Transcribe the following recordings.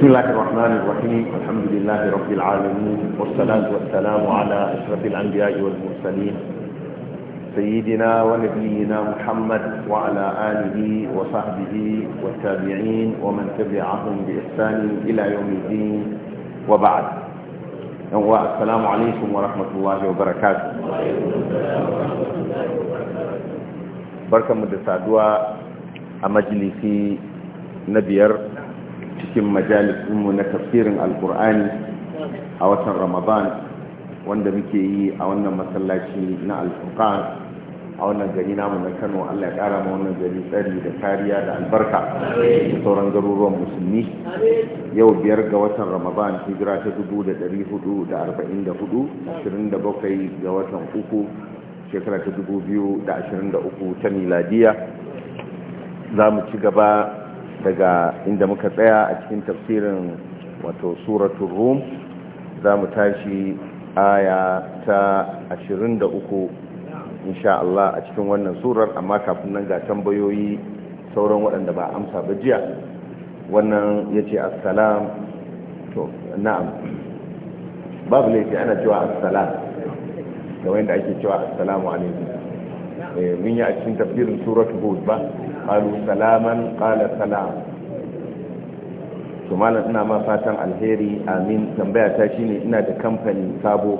بسم الله الرحمن الرحيم الحمد لله رب العالمين والصلاة والسلام على أشرف الأنبياء والمرسلين سيدنا ونبينا محمد وعلى آله وصحبه والتابعين ومن تبعهم بإحسان إلى يوم الدين وبعد السلام عليكم ورحمة الله وبركاته بركة مدرسة أمجلسي نبير cikin majalisinmu na tafsirin alkur'ani a watan ramadan wanda muke yi a wannan masallaci na alfurqan a wannan gari namu na kano allah ya kara ma wannan gari tsari da kariya da albarka da sauran garuruwan musulmi yau biyar ga watan ramadan hijira ta dubu da da da hudu hudu arba'in ashirin da bakwai ga watan uku shekara ta dubu biyu da da ashirin uku ta miladiya za mu ci gaba daga inda muka tsaya a cikin tafsirin wato suratul rum za mu tashi aya ta 23 insha Allah a cikin wannan surar amma kafin nan ga tambayoyi sauran waɗanda ba amsa ba jiya wannan ya ce assalam to na'am babu laifi ana cewa assalam da wanda ake cewa assalamu alaikum eh, mun yi a cikin tafsirin suratul hud ba قالوا salaman قال سلام to malam ina ma fatan alheri amin tambaya ta shine ina da kamfani sabo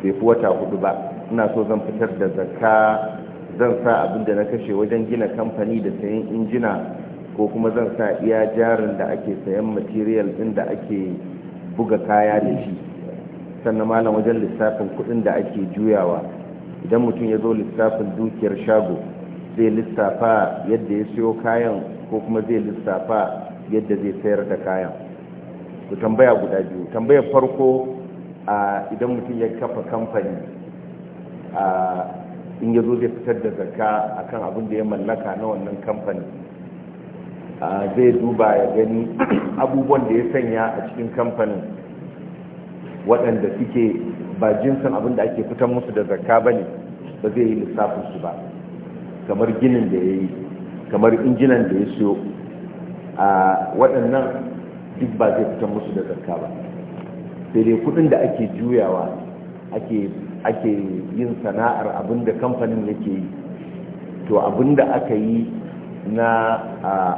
bai fi wata hudu ba ina so zan fitar da zakka zan sa abin da na kashe wajen gina kamfani da sayan injina ko kuma zan sa iya jarin da ake sayan material din da ake buga kaya da shi sannan malam wajen lissafin kudin da ake juyawa idan mutum ya zo lissafin dukiyar shago zai lissafa yadda ya siyo kayan ko kuma zai lissafa yadda zai sayar da kayan ku tambaya guda biyu tambayar farko a idan mutum ya kafa kamfani a in ya zo zai fitar da zakka akan abin da ya mallaka na wannan kamfani zai duba ya gani abubuwan da ya sanya a cikin kamfanin waɗanda suke ba jinsin abin da ake fitar musu da zakka ba ne ba zai yi lissafinsu ba kamar ginin da ya yi kamar injinan da ya siyo a waɗannan duk ba zai fitan musu da zarka ba sai dai kudin da ake juyawa ake yin sana'ar abin da kamfanin yake yi to abin da aka yi na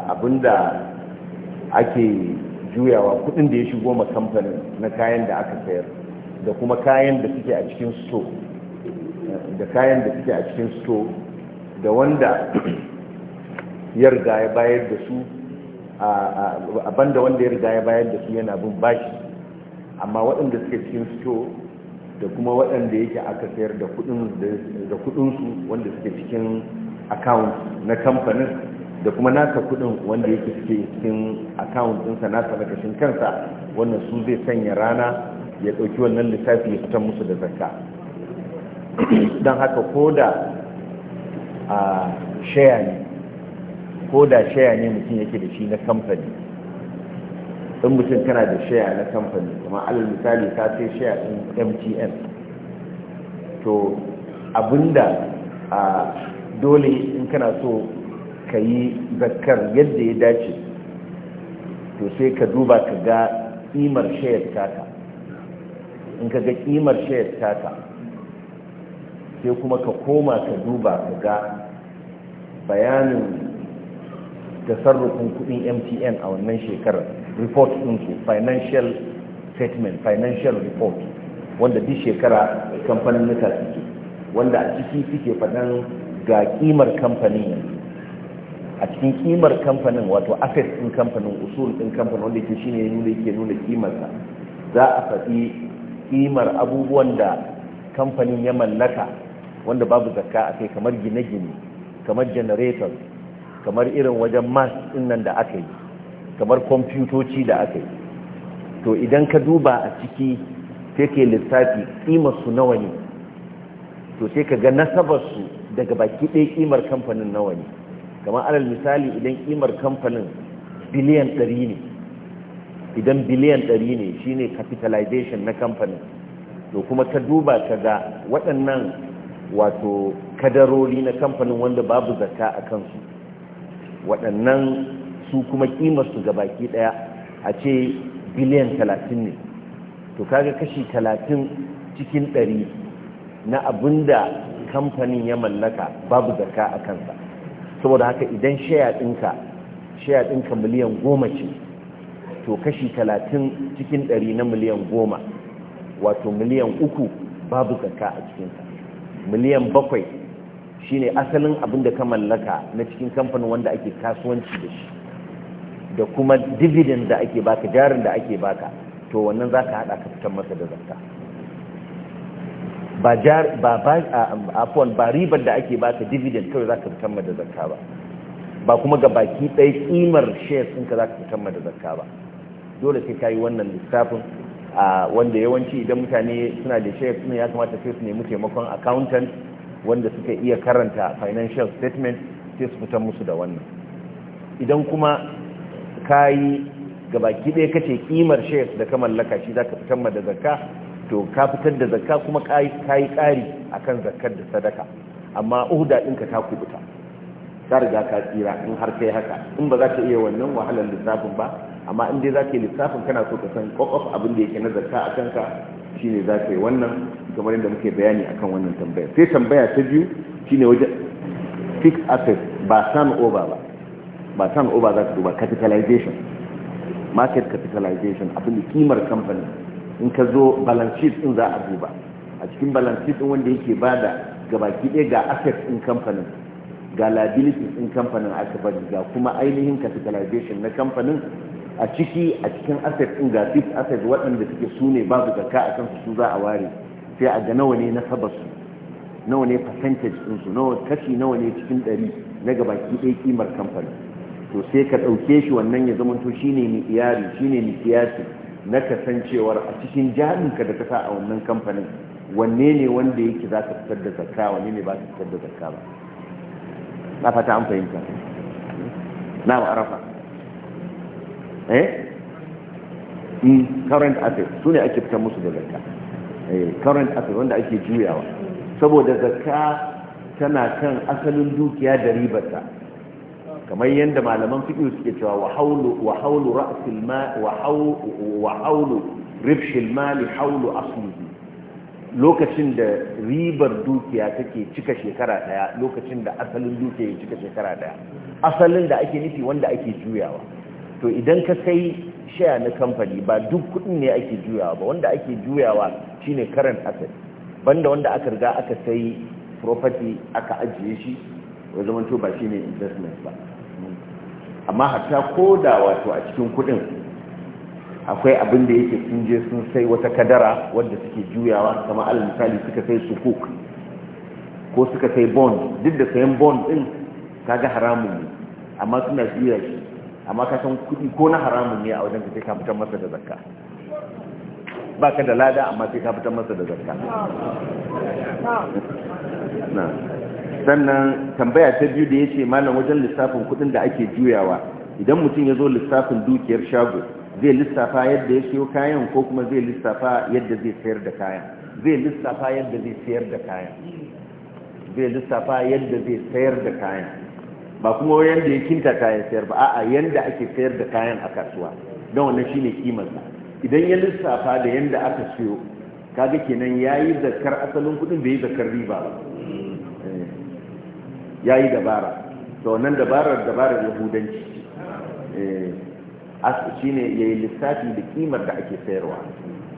abin da ake juyawa kudin da ya shigo ma kamfanin na kayan da aka sayar da kuma kayan da suke a cikin store da kayan da suke a cikin store da wanda yarda ya bayar da su a banda wanda yarda ya bayar da su yana bin bashi amma waɗanda suke cikin sto da kuma waɗanda yake aka sayar da kudinsu wanda suke cikin account na kamfanin da kuma nasa kudin wanda yake suke cikin account ɗinsa nasa na kashin kansa wannan su zai sanya rana ya ɗauki wannan lissafi ya fitar musu da zakka don haka ko da a shaya ne ko da shaya ne mutum yake da shi na kamfani in mutum kana da shaya na kamfani kuma alal misali ka sai shaya ɗin mtn to abinda a dole in kana so ka yi zakar yadda ya dace to sai ka duba ka ga ƙimar shayar taka in ka ga ƙimar shayar taka sai kuma ka koma ka duba ka ga bayanin tasarrufin kudin mtn a wannan shekarar report ɗinsu financial statement financial report wanda duk shekara kamfanin nuka suke wanda a ciki suke faɗan ga kimar kamfanin yanzu a cikin kimar kamfanin wato assets ɗin kamfanin usul ɗin kamfanin wanda ke shine ya nuna yake nuna kimarsa za a faɗi kimar abubuwan da kamfanin ya mallaka wanda babu zakka a kai kamar gine-gine kamar generator kamar irin wajen mas nan da aka yi kamar kwamfutoci da aka yi to idan ka duba a ciki sai ke lissafi su nawa ne to sai ka ga su daga baki ɗaya kimar kamfanin nawa ne kamar alal misali idan ƙimar kamfanin biliyan 100 ne idan biliyan ɗari ne shine capitalization na kamfanin to kuma ka duba ka ga waɗannan wato kadarori na kamfanin wanda babu zaka a kansu waɗannan su kuma ƙimarsu ga baki ɗaya a ce biliyan talatin ne to kaga kashi talatin cikin ɗari na abin da kamfanin ya mallaka babu zaka a kansa saboda haka idan shaya ɗinka shaya ɗinka miliyan goma ce to kashi talatin cikin ɗari na miliyan goma wato miliyan uku babu zaka a cikinsa miliyan bakwai shi ne asalin abin da ka mallaka na cikin kamfanin wanda ake kasuwanci da shi da kuma dividend da ake baka jarin da ake baka to wannan za ka hada ka fitar masa da zakka ba ribar da ake baka dividend kawai za ka fitar ma da zakka ba ba kuma ga baki ɗaya ƙimar shares ɗinka za ka fitar ma da zakka ba dole sai ka yi wannan lissafin wanda yawanci idan mutane suna da shek ne ya kamata sai su nemi taimakon accountant wanda suka iya karanta financial statement sai su fitan musu da wannan idan kuma ka yi gabaki ɗaya kace kimar shek da ka mallaka shi za ka fitan ma da zakka to ka fitar da zakka kuma ka yi ƙari a kan zakkar da sadaka amma uhuda ɗinka ta kubuta ta riga ka tsira in har kai haka in ba za ka iya wannan wahalar lissafin ba amma in dai za ka yi lissafin kana so ka san kwakwaf abin da yake nazarta a kanka shine za ka yi wannan kamar yadda muke bayani akan wannan tambaya sai tambaya ta biyu shine waje. fixed asset ba san over ba ba san over za ka duba capitalization market capitalization abin da kimar kamfani in ka zo balance sheet din za a duba a cikin balance sheet din wanda yake bada gabaki ɗaya ga assets din kamfanin ga liabilities din kamfanin aka bari ga kuma ainihin capitalization na kamfanin a ciki a cikin asset ɗin ga fixed asset waɗanda suke su ne babu zakka a kansu su za a ware sai a ga nawa ne na sabarsu nawa ne percentage ɗinsu nawa kashi nawa ne cikin ɗari na gabaki ɗaya kimar kamfani to sai ka ɗauke shi wannan ya zama to shine ni iyari shine ni siyasi na kasancewar a cikin jarinka da ka sa a wannan kamfanin wanne ne wanda yake za ka fitar da zakka wanne ne ba ka fitar da zakka ba na fata an fahimta na ba arafa Eh? Mm, current assets su ne ake fitar musu da zakka eh, current assets wanda ake juyawa saboda zakka tana kan asalin dukiya da ribarta kamar yadda malaman fiƙi suke cewa wa haulu ra'sil ma wa haulu rifshil mali haulu aslihi lokacin da ribar dukiya take cika shekara daya lokacin da asalin dukiya ya cika shekara daya asalin da ake nufi wanda ake juyawa to idan ka kai share na kamfani ba duk kudin ne ake juyawa ba wanda ake juyawa shine current asset banda wanda aka riga aka sai property aka ajiye shi ya zaman to ba shine investment ba amma hatta koda wato a cikin kudin akwai abin da yake sun je sun sai wata kadara wadda suke juyawa kamar alal misali suka sai sukuk ko suka sai bond duk da sayan bond din kaga haramun ne amma suna juya amma ka san kuɗi ko na haramun ne a wajen ka sai ka fitar masa da zakka ba ka da lada amma sai ka fitar masa da zakka sannan tambaya ta biyu da ya ce malam wajen lissafin kuɗin da ake juyawa idan mutum ya zo lissafin dukiyar shago zai lissafa yadda ya siyo kayan ko kuma zai lissafa yadda zai sayar da kayan zai lissafa yadda zai sayar da kayan zai lissafa yadda zai sayar da kayan ba kuma da ya kinta ya sayar ba a'a yanda ake sayar da kayan a kasuwa don wannan shine kimarsa idan ya lissafa da yanda aka siyo kaga kenan yayi zakar asalin kudin bai yi zakar riba ba eh, yayi dabara to wannan dabarar dabarar yahudanci eh, shine yayi lissafi da kimar da ake sayarwa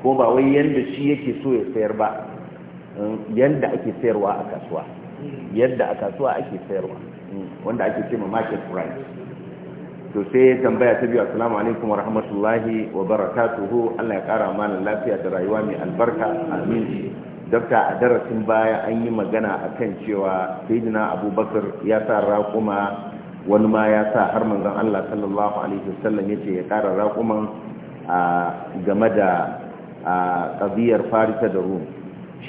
ko ba wai yanda shi yake so ya sayar ba eh, yanda ake sayarwa a kasuwa yadda a kasuwa ake sayarwa wanda ake ce ma market price to sai ya tambaya ta biyu assalamu alaikum wa rahmatullahi wa barakatuhu Allah ya kara mana lafiya da rayuwa mai albarka amin dokta a darasin baya an yi magana akan cewa sayyidina abubakar ya sa raƙuma wani ma ya sa har manzon Allah sallallahu alaihi wasallam yace ya kara a game da qadiyar farisa da rum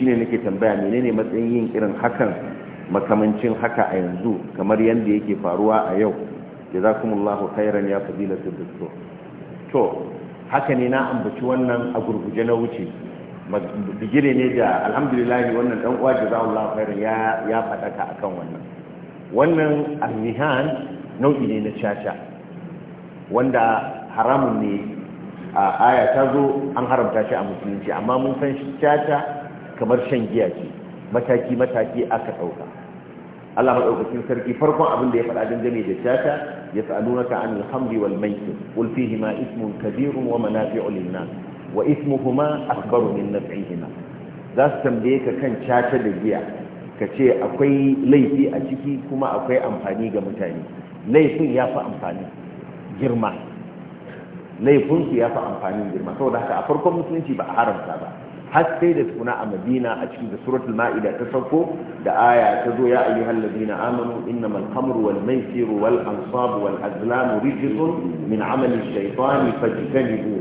shine nake tambaya menene matsayin yin irin hakan makamancin haka a yanzu kamar yadda yake faruwa a yau za allahu khairan ya fadilatu doktor to haka ne na ambaci wannan a gurguje na wuce bigire ne da alhamdulillah wannan dan uwa jazakumullahu khairan ya ya a akan wannan wannan annihan nau'i ne na caca wanda haramun ne a aya ta zo an haramta shi a musulunci amma mun san caca kamar shan giya ce mataki-mataki aka ɗauka Allah madaukakin sarki farkon abin da ya faɗa dangane da tata ya sa'alunaka an alhamdi wal maisir qul fihi ismun kabirun wa manafi'u lin nas wa ismuhuma akbaru min naf'ihima za su tambaye ka kan caca da giya ka ce akwai laifi a ciki kuma akwai amfani ga mutane laifin ya fi amfani girma laifin su ya fi amfanin girma saboda haka a farkon musulunci ba a haramta ba har sai da tukuna a madina a cikin da suratul ma'ida ta sauko da aya ta zo ya ayi halladina amanu innamal khamru wal maisiru wal ansabu wal azlamu rijsun min amali shaytani fajtanibu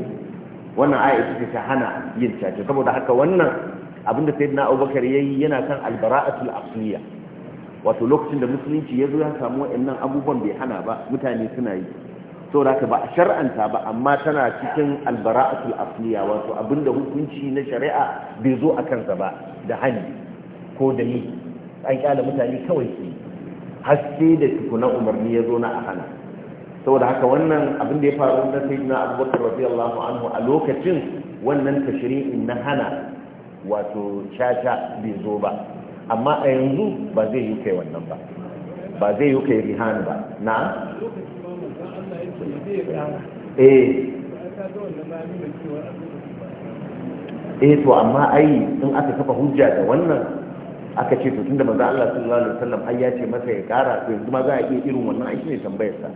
wannan aya ce ta hana yin caca saboda haka wannan abinda sayyidina Abubakar yayi yana kan albara'atul asliya wato lokacin da musulunci ya zo ya samu wa'annan abubuwan bai hana ba mutane suna yi da ka ba a shar'anta ba amma tana cikin albara'atul asliya wato abinda hukunci na shari'a bai zo a kansa ba da hani ko da ni an kyala mutane kawai su haske da tukuna umarni ya zo na a hana da haka wannan abinda ya faru na sayyidina abubakar radiyallahu anhu a lokacin wannan tashri'in na hana wato caca bai zo ba amma a yanzu ba zai yi kai wannan ba ba zai yi kai rihan ba na Eh. eh to amma ai in aka kafa hujja da wannan aka ce to tunda manzo Allah sallallahu alaihi wasallam ai ya ce masa ya kara to yanzu ma za a iya irin wannan ai shine tambayar sa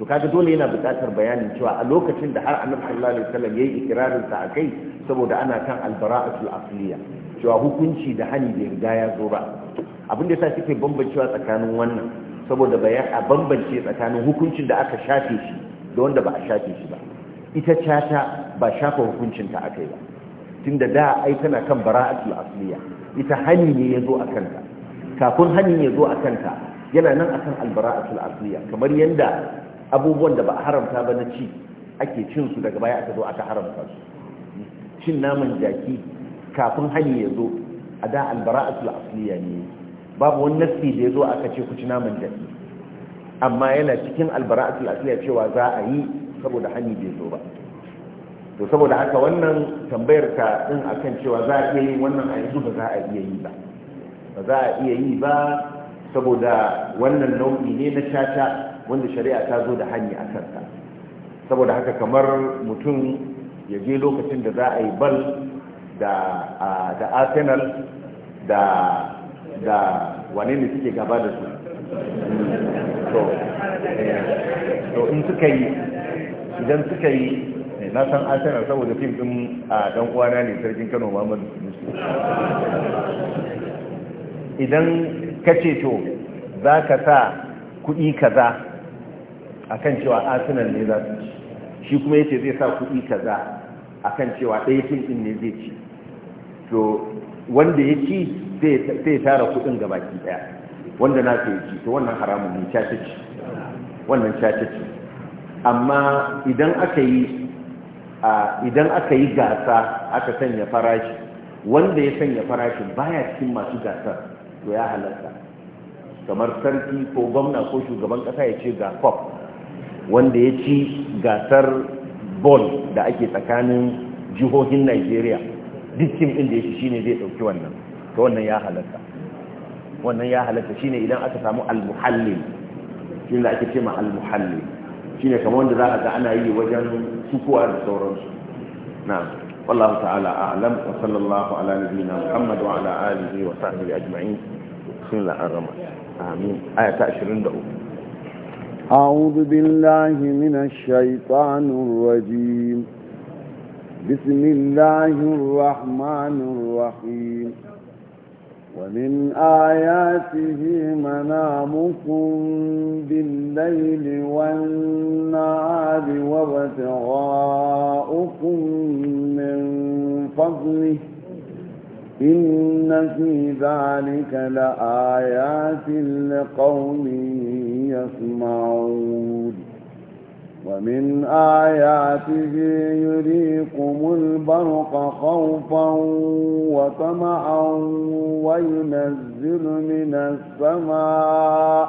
to kaga dole yana buƙatar bayanin cewa a lokacin da har Annabi sallallahu alaihi wasallam yayi ikrarin sa akai saboda ana kan albara'atul asliya cewa hukunci da hani bai riga ya zo ba abin da yasa suke bambancewa tsakanin wannan saboda bayan a bambance tsakanin hukuncin da aka shafe shi da wanda ba a shafe shi ba ita cata ba shafa hukuncinta aka yi ba tun da da ai tana kan bara'atul asliya ita hani ne ya zo a kanta kafin hani ya zo a kanta yana nan a kan albara'atul asliya kamar yadda abubuwan da ba a haramta ba na ci ake cin su daga baya aka zo aka haramta su cin naman jaki kafin hani ya zo a da albara'atul asliya ne babu wani nassi da ya zo aka ce ku ci naman daɗi amma yana cikin albara'atul asliya cewa za a yi saboda hani bai zo ba to saboda haka wannan tambayar ka din akan cewa za a iya yi wannan a yanzu ba za a iya yi ba ba za a iya yi ba saboda wannan nau'i ne na caca wanda shari'a ta zo da hani a kansa saboda haka kamar mutum ya je lokacin da za a yi bal da arsenal da da wane ne suke gaba da su to eh, in suka yi idan suka yi eh, na san asana saboda fim din a dan uwana ne sarkin Kano Muhammadu Musa, idan ka ce to za ka sa kuɗi kaza akan cewa Arsenal ne za su ci shi kuma yace zai sa kuɗi kaza akan cewa ɗaya fim din ne zai ci to wanda ya ci sai tara kudin ga baki daya wanda na sai ji to wannan haramun ne caca wannan caca amma idan aka yi idan aka yi gasa aka sanya farashi wanda ya sanya farashi baya cikin masu gasar to ya halatta kamar sarki ko gwamna ko shugaban kasa ya ce ga cop wanda ya ci gasar ball da ake tsakanin jihohin nigeria duk inda da ya ci shine zai ɗauki wannan to wannan ya halatta wannan ya halatta shine idan aka samu al-muhallil shine ake cewa al-muhallil shine kamar wanda za a ga ana yi wajen sukuwa da sauransu na'am wallahu ta'ala a'lam wa sallallahu ala nabiyyina muhammad wa ala alihi wa sahbihi ajma'in bismillah ar-rahman amin ayata 23 a'udhu billahi minash الشيطان rajim بسم الله الرحمن الرحيم ومن آياته منامكم بالليل والنهار وابتغاؤكم من فضله إن في ذلك لآيات لقوم يسمعون ومن آياته يريكم البرق خوفا وطمعا وينزل من السماء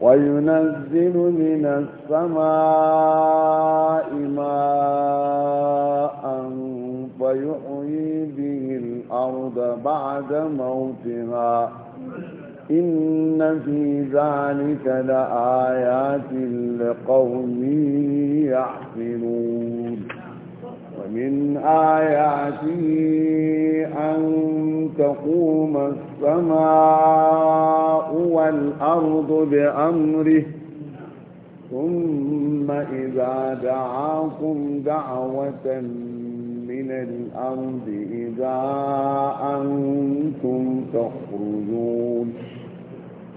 وينزل من السماء ماء فيحيي به الأرض بعد موتها إن في ذلك لآيات لقوم يعقلون ومن آياته أن تقوم السماء والأرض بأمره ثم إذا دعاكم دعوة من الأرض إذا أنتم تخرجون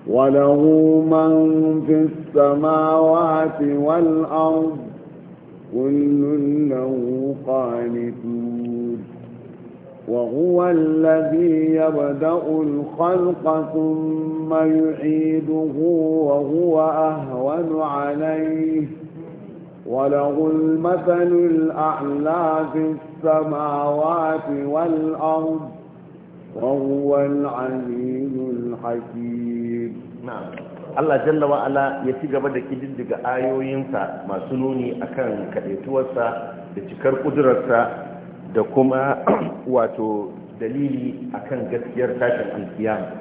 وله من في السماوات والأرض كل له قانتون وهو الذي يبدأ الخلق ثم يعيده وهو أهون عليه وله المثل الأعلى في السماوات والأرض وهو العزيز الحكيم Allah jalla wa'ala ya ci gaba da kididdiga ayoyinsa masu nuni akan kaɗaituwarsa da cikar ƙudurarsa da kuma wato dalili akan gaskiyar tashin alkiyama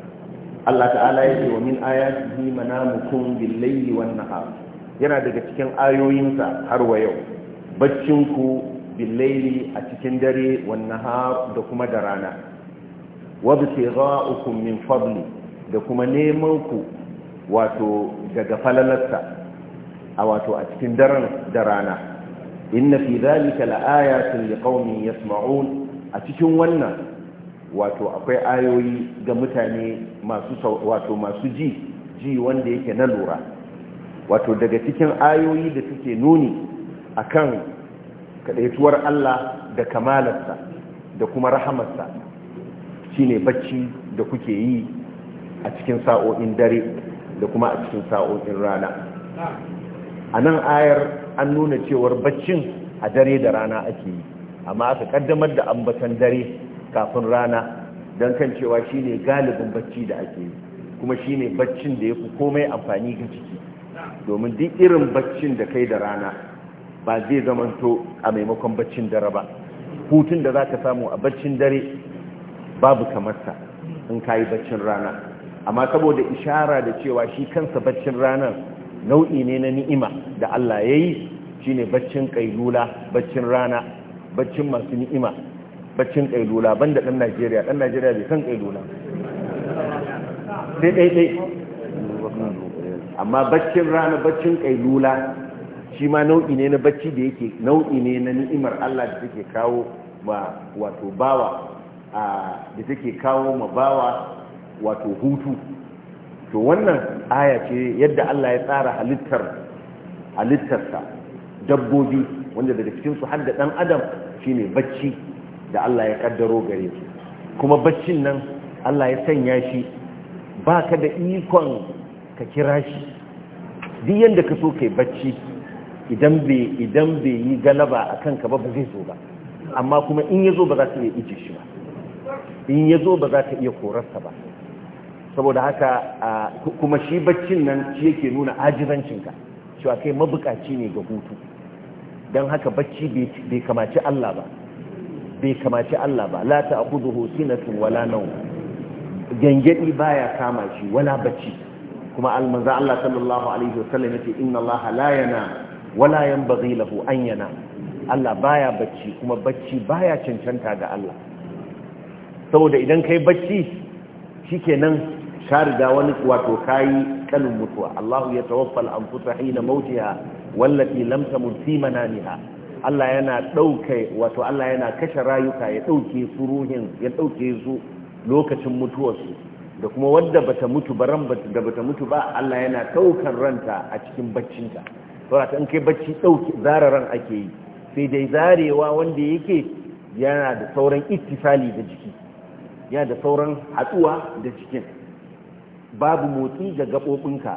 Allah ta'ala ya ce wa min ayatihi manamukum bil-layli wan-nahar yana daga cikin ayoyinsa har wa yau baccinku billaili a cikin dare wannan har da kuma da rana wabtigha'ukum min fadli da kuma neman ku wato daga falalarsa a wato a cikin daren da rana inna fi dhalika laayatin liqaumin yasma'un a cikin wannan wato akwai ayoyi ga mutane masu wato masu ji ji wanda yake na lura wato daga cikin ayoyi da suke nuni akan kadaituwar Allah da kamalarsa da kuma rahamarsa shine bacci da kuke yi a cikin sa'o'in dare da kuma a cikin sa'o'in rana a nan ayar an nuna cewar baccin a dare da rana ake yi amma aka kaddamar da ambatan dare kafin rana don kan cewa shine galibin bacci da ake yi kuma shine baccin da ya fi komai amfani ga jiki domin duk irin baccin da kai da rana ba zai zamanto a maimakon baccin dare ba hutun da za ka samu a baccin dare babu kamarsa in ka yi baccin rana amma saboda ishara da cewa shi kansa baccin ranar nau'i ne na ni'ima da Allah ya yi shi ne baccin ƙailula baccin rana baccin masu ni'ima baccin ƙailula ban da ɗan najeriya ɗan najeriya bai san ƙailula sai ɗaiɗai amma baccin rana baccin ƙailula shi ma nau'i ne na bacci da yake nau'i ne na ni'imar Allah da take kawo ma wato bawa da take kawo ma bawa wato hutu to wannan aya ce yadda Allah ya tsara halittar halittarsa dabbobi wanda daga cikin su har da dan adam shine bacci da Allah ya kaddaro gare shi. kuma baccin nan Allah ya sanya shi baka da ikon ka kira shi duk yanda ka so kai bacci idan bai yi galaba a kanka ba ba zai zo ba amma kuma in ya zo ba za ta iya ije shi ba in ya zo ba za ta iya korarsa ba saboda haka kuma shi baccin nan shi yake nuna ajizancinka cewa kai mabukaci ne ga hutu don haka bacci bai kamaci Allah ba bai kamaci Allah ba la ta'khudhuhu sinatun wala nawm gangadi baya kama shi wala bacci kuma almanza Allah sallallahu alaihi wasallam yace inna Allah la yanam wala yanbaghi lahu an yana Allah baya bacci kuma bacci baya cancanta ga Allah saboda idan kai bacci shikenan ka riga wani wato kayi kanin mutuwa Allahu ya tawaffal anfusa hina mautiha wallati lam tamut fi manamiha Allah yana dauke wato Allah yana kashe rayuka ya dauke su ruhin ya dauke su lokacin mutuwarsu da kuma wadda bata mutu baran da bata mutu ba Allah yana daukar ranta a cikin baccinta saboda in kai bacci dauki zararan ake yi sai dai zarewa wanda yake yana da sauran ittisali da jiki yana da sauran hatsuwa da jikin babu motsi ga gaɓoɓinka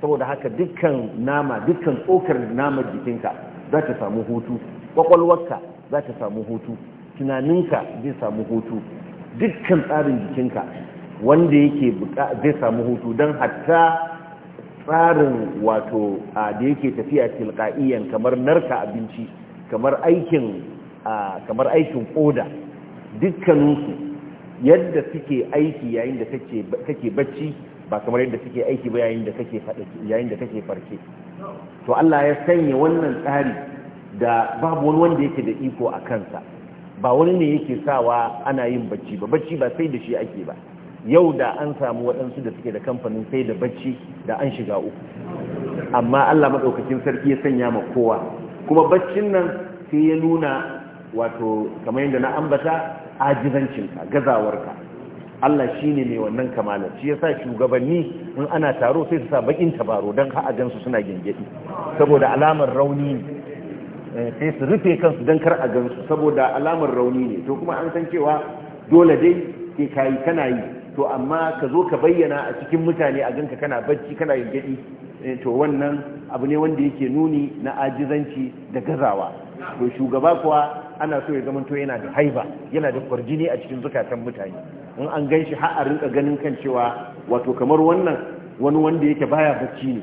saboda haka dukkan nama dukkan tsokar namar jikinka za ta samu hutu ƙwaƙwalwarka za ta samu hutu tunaninka zai samu hutu dukkan tsarin jikinka wanda yake zai samu hutu don hatta tsarin wato a da yake tafiya tilqa'iyan kamar narka abinci kamar aikin kamar aikin koda dukkaninsu yadda suke aiki yayin da kake bacci ba kamar yadda suke aiki ba kake yayin da kake farke to Allah ya sanya wannan tsari da babu wani wanda yake da iko a kansa ba wani ne yake sawa ana yin bacci ba bacci ba sai da shi ake ba yau da an samu waɗansu da suke da kamfanin sai da bacci da an shiga uku amma Allah maɗaukacin sarki ya sanya ma kowa kuma baccin nan sai ya nuna wato kama yadda na ambata ajizancinka gazawarka Allah shi ne mai wannan kamala shi sa shugabanni in ana taro sai su sa bakin tabaro don ha'a gansu suna gengedi saboda alamar rauni eh, sai su rufe kansu don kar a gansu saboda alamar rauni ne to kuma an san cewa dole dai sai kayi kana yi to amma ka zo ka bayyana a cikin mutane a ganka kana bacci kana gadi eh, to wannan abu ne wanda yake nuni na ajizanci da gazawa to shugaba kuwa ana so ya zama to yana da haiba yana da kwarjini a cikin zukatan mutane in an gan shi har a rinka ganin kan cewa wato kamar wannan wani wanda yake baya bacci ne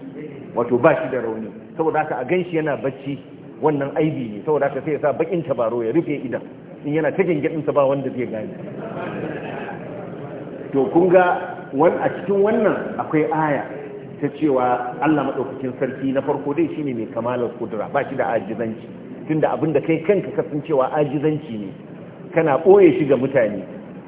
wato ba shi da rauni saboda haka a ganshi yana bacci wannan aibi ne saboda haka sai ya sa bakin tabaro ya rufe idan in yana ta sa ba wanda zai gane to kun ga a cikin wannan akwai aya ta cewa Allah maɗaukakin sarki na farko dai shine mai kamalar kudura ba shi da ajizanci tunda abin da kai kanka kasancewa ajizanci ne kana ɓoye shi ga mutane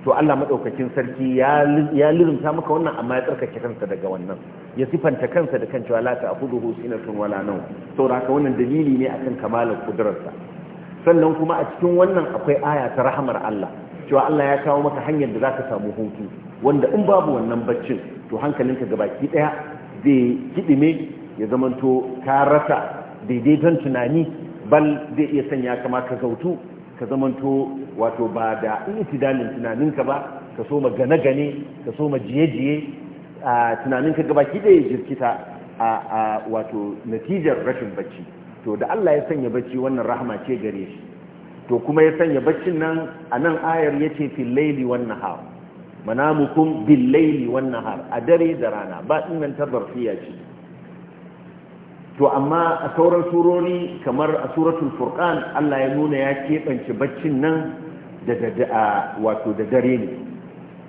to Allah maɗaukakin sarki ya lirinta maka wannan amma ya tsarkake kansa daga wannan ya sifanta kansa da kan cewa la ta abudu sun wala nau saboda haka wannan dalili ne akan kamalar kudurarsa sannan kuma a cikin wannan akwai aya ta rahamar Allah cewa Allah ya kawo maka hanyar da za ka samu hutu wanda in babu wannan baccin to hankalinka gabaki daya zai kidime ya zamanto ka rasa daidaiton tunani bal zai iya sanya kama ka zautu ka zamanto wato ba da itidalin tunaninka ba ka so gane-gane ka so jiye-jiye a tunaninka gabaki daya jirkita a wato natijar rashin bacci to da Allah ya sanya bacci wannan rahama ce gare shi to kuma ya sanya baccin nan a nan ayar ya ce fil laili wan nahar manamukum billaili wan nahar a dare da rana ba dinnan tabarfiya ce to amma a sauran surori kamar a suratul furqan Allah ya nuna ya keɓance baccin nan da da wato da dare ne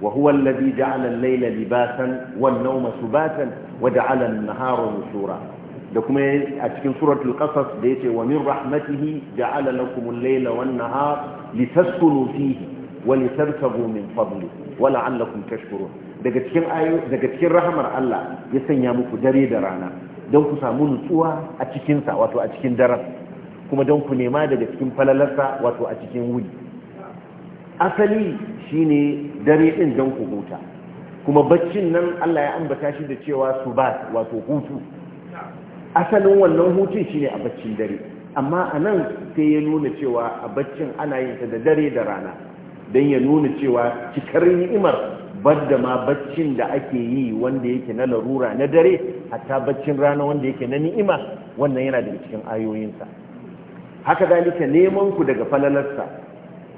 wa huwa alladhi ja'ala al-layla libasan wan nawma subatan wa ja'ala an-nahara nushura da kuma a cikin suratul qasas da yace wa min rahmatihi ja'ala lakum al-layla wan nahara litaskunu fihi wa litarkabu min fadlihi wala allakum tashkuru daga cikin ayo daga cikin rahamar Allah ya sanya muku dare da rana don ku samu nutsuwa a cikin sa wato a cikin daren kuma don ku nema daga cikin falalarsa wato a cikin wuri asali shine dare din don ku huta kuma baccin nan Allah ya ambata shi da cewa subat wato hutu asalin wannan hutun shine a baccin dare amma anan sai ya nuna cewa a baccin ana yin sa da dare da rana don ya nuna cewa cikar ni'imar badda ma baccin da ake yi wanda yake na larura na dare hatta baccin rana wanda yake na ni'ima wannan yana da cikin ayoyinsa haka zalika neman ku daga falalarsa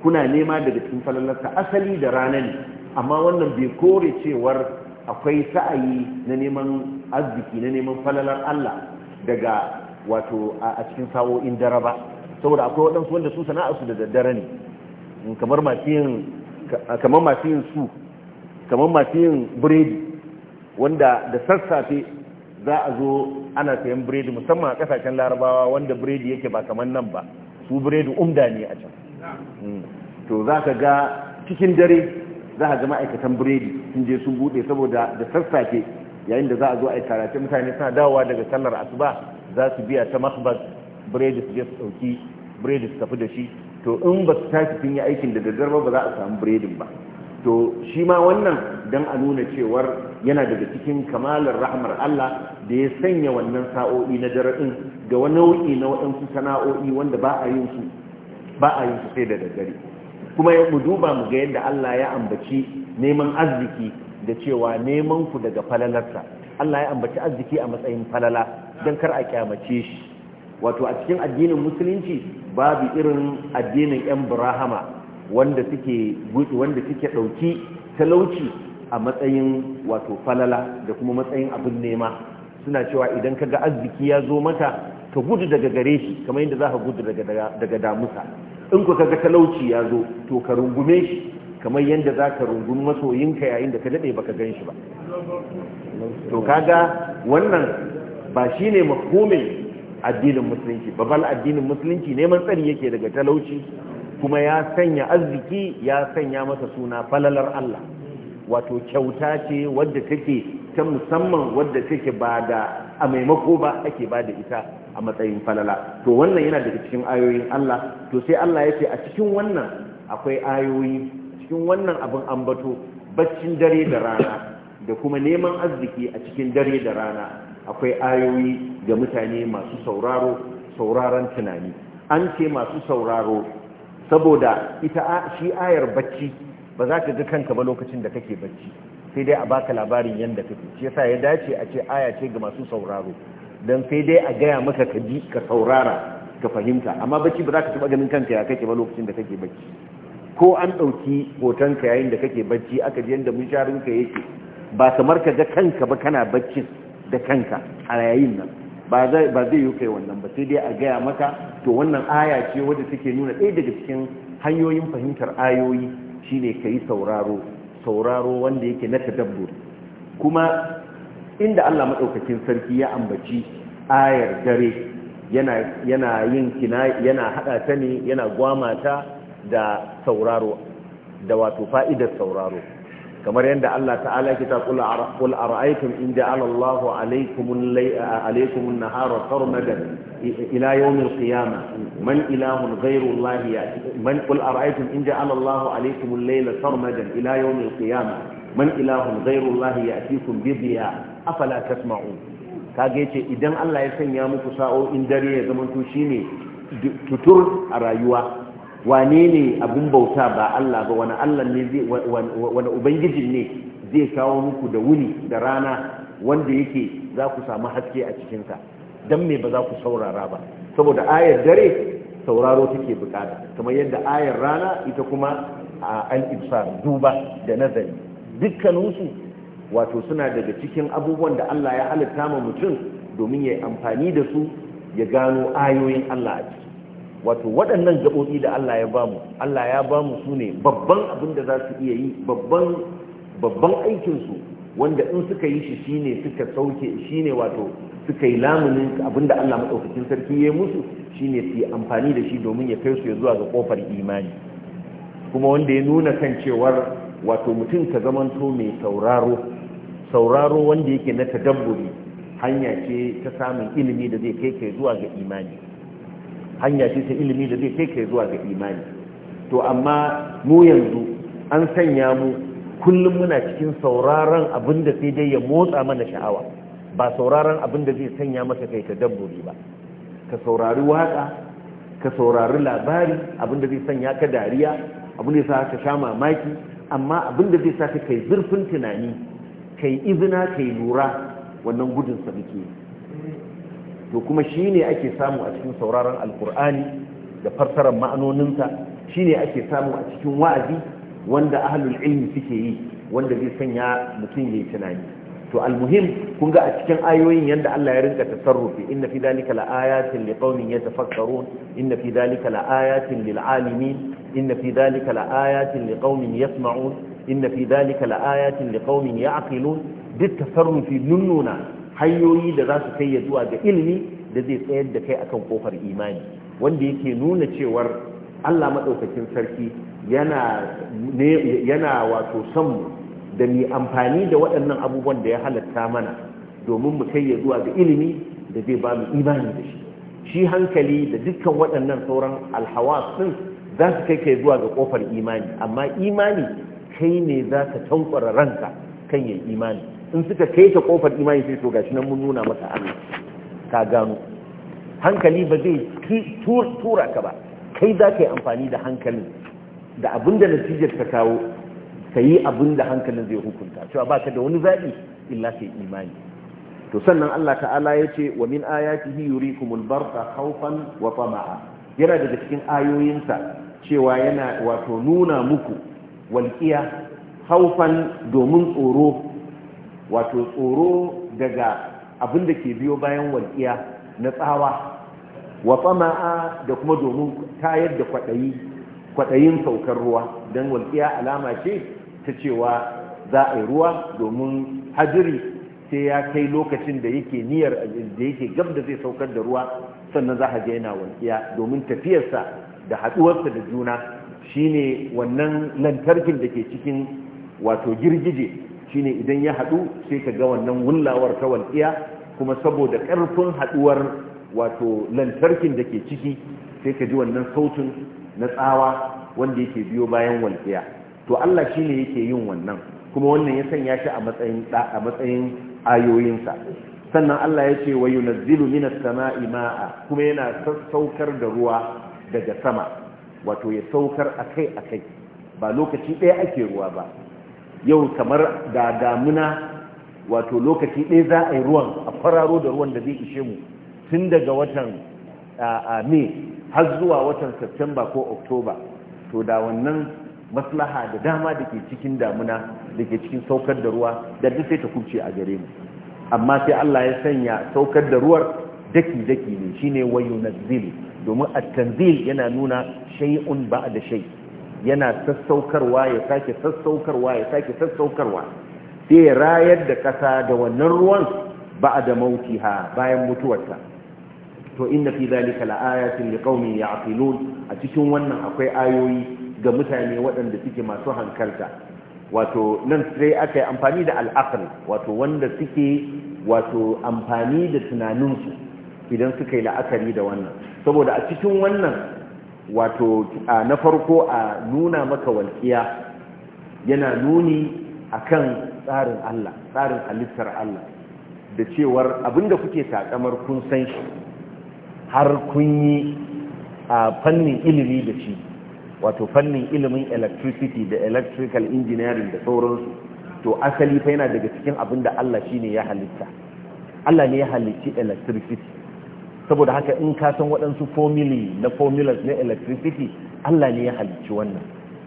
kuna nema daga cikin falalarsa asali da rana ne amma wannan bai kore cewar akwai sa'ayi na neman arziki na neman falalar Allah daga wato a cikin sawo'in dare ba saboda akwai waɗansu wanda su sana'arsu da daddare ne kamar masu su kamar masu biredi wanda da sassafe za a zo ana sayan biredi musamman a kasashen larabawa wanda biredi yake ba kamar nan ba su biredi umda ne a can mm. to za ka ga cikin dare za a ga ma'aikatan biredi sun je sun bude saboda da sassafe yayin da za a zo a yi karace mutane suna dawowa daga sallar asuba za su biya ta makbar biredi su je su ɗauki biredi su tafi da shi to in ba su tafi sun yi aikin da daddare ba ba za a samu biredin ba to shi ma wannan don a nuna cewar yana daga cikin kamalar rahmar Allah da ya sanya wannan sa'o'i na daradin ga wani nau'i na waɗansu sana'o'i wanda ba a yin su ba a yin su sai da daddare kuma ya mu duba mu ga yadda Allah ya ambaci neman arziki da cewa neman ku daga falalarsa Allah ya ambaci arziki a matsayin falala don kar a kyamace shi wato a cikin addinin musulunci babu irin addinin yan burahama wanda suke wanda suke dauki talauci a matsayin wato falala da kuma matsayin abin nema suna cewa idan kaga arziki ya zo mata, ka gudu daga gare shi kamar yadda za ka gudu daga damusa in ku kaga talauci ya zo to ka rungume shi kamar yadda za ka rungumi masoyinka yayin da ka daɗe baka gan shi ba to kaga wannan ba shi ne makomin addinin musulunci babal addinin musulunci neman tsari yake daga talauci kuma ya sanya arziki ya sanya masa suna falalar Allah wato kyauta ce wadda take ta musamman wadda take ba da a maimako ba ake ba da ita a matsayin falala to wannan yana daga cikin ayoyin Allah to sai Allah ya ce a cikin wannan akwai ayoyi cikin wannan abin ambato baccin dare da rana da kuma neman arziki a cikin dare da rana akwai ayoyi ga mutane masu sauraro sauraron tunani an ce masu sauraro saboda ita shi ayar bacci ba za ka ga kanka ba lokacin da kake bacci sai dai a baka labarin yadda kake shi yasa ya dace a ce aya ce ga masu sauraro dan sai dai a gaya maka ka ji ka saurara ka fahimta amma bacci ba za ka taba ganin kanka ya kake ba lokacin da kake bacci ko an ɗauki hotonka yayin da kake bacci aka ji yadda mun sharinka yake ba kamar ka ga kanka ba kana baccin da kanka a yayin nan ba zai yi kai wannan ba sai dai a gaya maka to wannan aya ce wadda take nuna ɗaya daga cikin hanyoyin fahimtar ayoyi shine ka yi sauraro sauraro wanda yake na tadabbur kuma inda Allah maɗaukakin sarki ya ambaci ayar dare yana yin kina yana haɗa ta ne yana gwamata da sauraro da wato fa'idar sauraro kamar yadda Allah ta'ala ke ta kula a ra'aikun inda ja'ala alaikum na alaykum an-nahara sarmadan ila yawm al-qiyamah man ilahun ghayru Allah man ila yawm al man ilahun bi dhiya afala tasma'un kage ce idan Allah ya sanya muku sa'o'in dare ya zamanto shine tutur a rayuwa wane ne abin bauta ba Allah ba wani Allah ne zai wani ubangijin ne zai kawo muku da wuni da rana wanda yake za ku samu haske a cikinsa don me ba za ku saurara ba saboda ayar dare sauraro take bukata kamar yadda ayar rana ita kuma a al'ibsar duba da nazari dukkaninsu wato suna daga cikin abubuwan da Allah ya halitta ma mutum domin ya yi amfani da su ya gano ayoyin Allah a ciki wato waɗannan gaɓoɓi da Allah ya bamu Allah ya bamu su ne babban abin da za su iya yi babban babban aikinsu wanda in suka yi shi shine suka sauke shine wato suka yi lamunin abin da Allah maɗaukacin sarki ya yi musu shine su yi amfani da shi domin ya kai su zuwa ga ƙofar imani kuma wanda ya nuna kan cewar wato mutum ka zamanto mai sauraro sauraro wanda yake na tadabburi hanya ce ta samun ilimi da zai kai kai zuwa ga imani hanya ce ta ilimi da zai kai kai zuwa ga imani to amma mu yanzu an sanya mu kullum muna cikin sauraron abin da sai dai ya motsa mana sha'awa ba sauraron abin da zai sanya masa kai ta dabbobi ba ka saurari waka ka saurari labari abin da zai sanya ka dariya abin da sa ka sha mamaki amma abin da zai sa ka kai zurfin tunani kai izina kai lura wannan gudun sa muke to kuma shi ne ake samu a cikin sauraron alkur'ani da fassarar ma'anoninsa shi ne ake samu a cikin wa'azi wanda ahalul ilmi suke yi wanda zai sanya mutum ya yi tunani to almuhim kun ga a cikin ayoyin yadda Allah ya rinka tasarrufi inna fi dalika laayatin liqaumin yatafakkarun inna fi dalika laayatin lilalamin inna fi dalika laayatin liqaumin yasma'un inna fi dalika laayatin liqaumin ya'qilun duk tasarrufi nunnuna hanyoyi da za su kai ya zuwa ga ilimi da zai tsayar da kai akan kofar imani wanda yake nuna cewar Allah maɗaukakin sarki yana wato son da mai amfani da waɗannan abubuwan da ya halatta mana domin mu kai ya zuwa ga ilimi da zai ba mu imani da shi shi hankali da dukkan waɗannan sauran alhawas din za su kai kai zuwa ga kofar imani amma imani kai ne za ka tankwara ranka kan yin imani in suka kai ta kofar imani sai to gashi nan mun nuna maka Allah ka gano hankali ba zai tura ka ba kai za ka yi amfani da hankalin da abin da natijar ta kawo ka yi abin da hankalin zai hukunta cewa ba ka da wani zaɓi illa sai imani to sannan Allah ta'ala ya ce wa min ayatihi yurikumul barqa khawfan wa tama'a yana daga cikin ayoyinsa cewa yana wato nuna muku walƙiya khawfan domin tsoro wato tsoro daga abin da ke biyo bayan walƙiya na tsawa wa tsama'a da kuma domin tayar da kwaɗayin saukar ruwa don walƙiya alama ce ta cewa za a yi ruwa domin hajiri sai ya kai lokacin da yake niyyar da yake gab da zai saukar da ruwa sannan za a je yana walƙiya domin tafiyarsa da haɗuwarsa da juna shine wannan lantarkin da ke cikin wato girgije shine idan ya haɗu sai ka ga wannan wullawar ta walƙiya kuma saboda ƙarfin haɗuwar wato lantarkin da ke ciki sai ka ji wannan sautin na tsawa wanda yake biyo bayan walƙiya to Allah shine yake yin wannan kuma wannan ya sanya shi a matsayin a matsayin ayoyinsa sannan Allah ya ce wa yunazzilu minas sama'i ma'a kuma yana sassaukar da ruwa daga sama wato ya saukar akai akai ba lokaci ɗaya ake ruwa ba yau kamar da damuna wato lokaci ɗaya za a yi ruwan a fararo da ruwan da zai ishe mu tun daga watan mai har zuwa watan Satumba ko Oktoba to da wannan maslaha da dama da ke cikin damuna da ke cikin saukar da ruwa da duk sai ta kubce a gare mu amma sai Allah ya sanya saukar da ruwar daki daki ne shine wayu domin at-tanzil yana nuna shay'un da shai. yana sassaukarwa ya sake sassaukarwa ya sake sassaukarwa sai ya rayar da ƙasa da wannan ruwan ba da mautiha bayan mutuwarta to inna fi zalika laayatin liqaumin ya'qilun a cikin wannan akwai ayoyi ga mutane waɗanda suke masu hankalta wato nan sai aka yi amfani da al'aql wato wanda suke wato amfani da tunaninsu idan suka yi la'akari da wannan saboda a cikin wannan wato a na farko a nuna maka walƙiya yana nuni a kan tsarin Allah tsarin halittar Allah da cewar abinda kuke taƙamar kun san shi har kun yi a fannin ilimi da shi wato fannin ilimin electricity da electrical engineering da sauransu to asali fa yana daga cikin abinda Allah shi ne ya halitta Allah ne ya halicci electricity saboda haka in ka san waɗansu formula na formulas na electricity Allah ne ya halicci wannan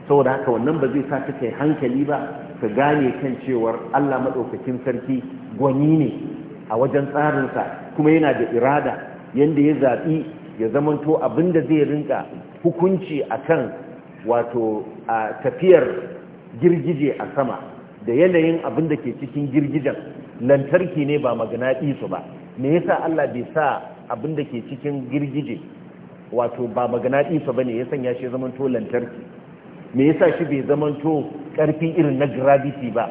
saboda haka wannan ba zai sa kai hankali ba ka gane kan cewar Allah maɗaukakin sarki gwani ne a wajen tsarinsa kuma yana da irada yanda ya zaɓi ya zamanto abin da zai rinka hukunci a kan wato a tafiyar girgije a sama da yanayin abin da ke cikin girgijen lantarki ne ba magana su ba me yasa Allah bai sa abin da ke cikin girgije wato ba ba ne ya sanya shi zaman to lantarki me ya sa shi bai zaman to karfi irin na gravity ba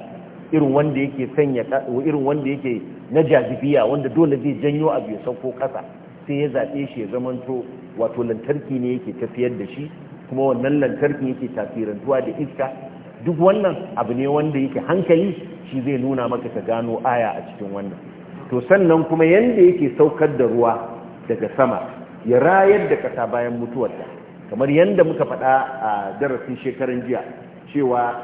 irin wanda yake sanya irin wanda yake na jazibiya wanda dole zai janyo abu ya sauko ƙasa sai ya zaɓe shi ya zaman to wato lantarki ne yake tafiyar da shi kuma wannan lantarki yake tasirantuwa da iska duk wannan abu ne wanda yake hankali shi zai nuna maka ka gano aya a cikin wannan to sannan kuma yanda yake saukar da ruwa daga sama ya rayar da ƙasa bayan mutuwarta kamar yadda muka faɗa a darasin shekarun jiya cewa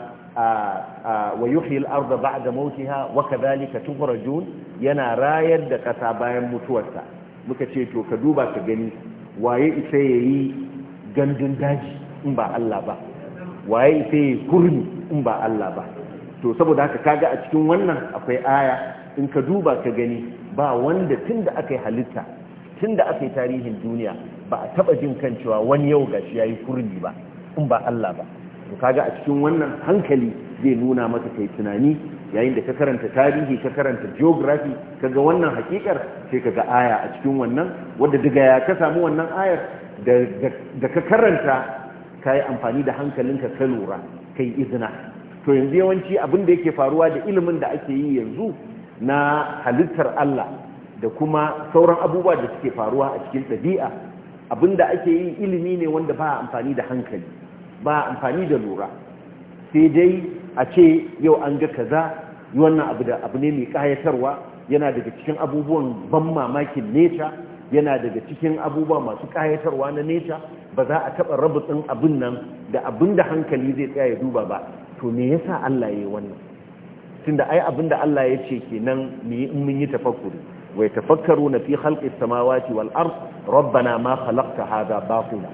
wa yuhyi al-ardha ba'da mawtiha wa kadhalika tukhrajun yana rayar da ƙasa bayan mutuwarta muka ce to ka duba ka gani waye isa yayi gandun daji in ba Allah ba waye isa yi kurmi in ba Allah ba to saboda haka kaga a cikin wannan akwai aya in ka duba ka gani ba wanda tun da aka yi halitta tun da aka yi tarihin duniya ba a taba jin kan cewa wani yau gashi ya yi kurni ba in ba Allah ba to kaga a cikin wannan hankali zai nuna maka kai tunani yayin da ka karanta tarihi ka karanta geography kaga wannan hakikar sai kaga aya a cikin wannan wanda daga ya ka samu wannan ayar da ka karanta ka yi amfani da hankalinka ka lura kai izina to yanzu yawanci abin da yake faruwa da ilimin da ake yi yanzu na halittar Allah da kuma sauran abubuwa da suke faruwa a cikin ɗabi'a abinda ake yi ilimi ne wanda ba amfani da hankali ba amfani da lura sai dai a ce yau an ga kaza yi wannan abu da abu ne mai kayatarwa yana daga cikin abubuwan ban mamakin nesa, yana daga cikin abubuwa masu kayatarwa na nesa, ba za a taɓa rabutsin abin nan da abin da hankali zai tsaya ya duba ba to me yasa Allah ya yi wannan tunda ai abinda Allah ya ce kenan mun yi tafakkuri tafakkaru na fi khalqis samawati wal ard rabbana ma khalaqta hadha batila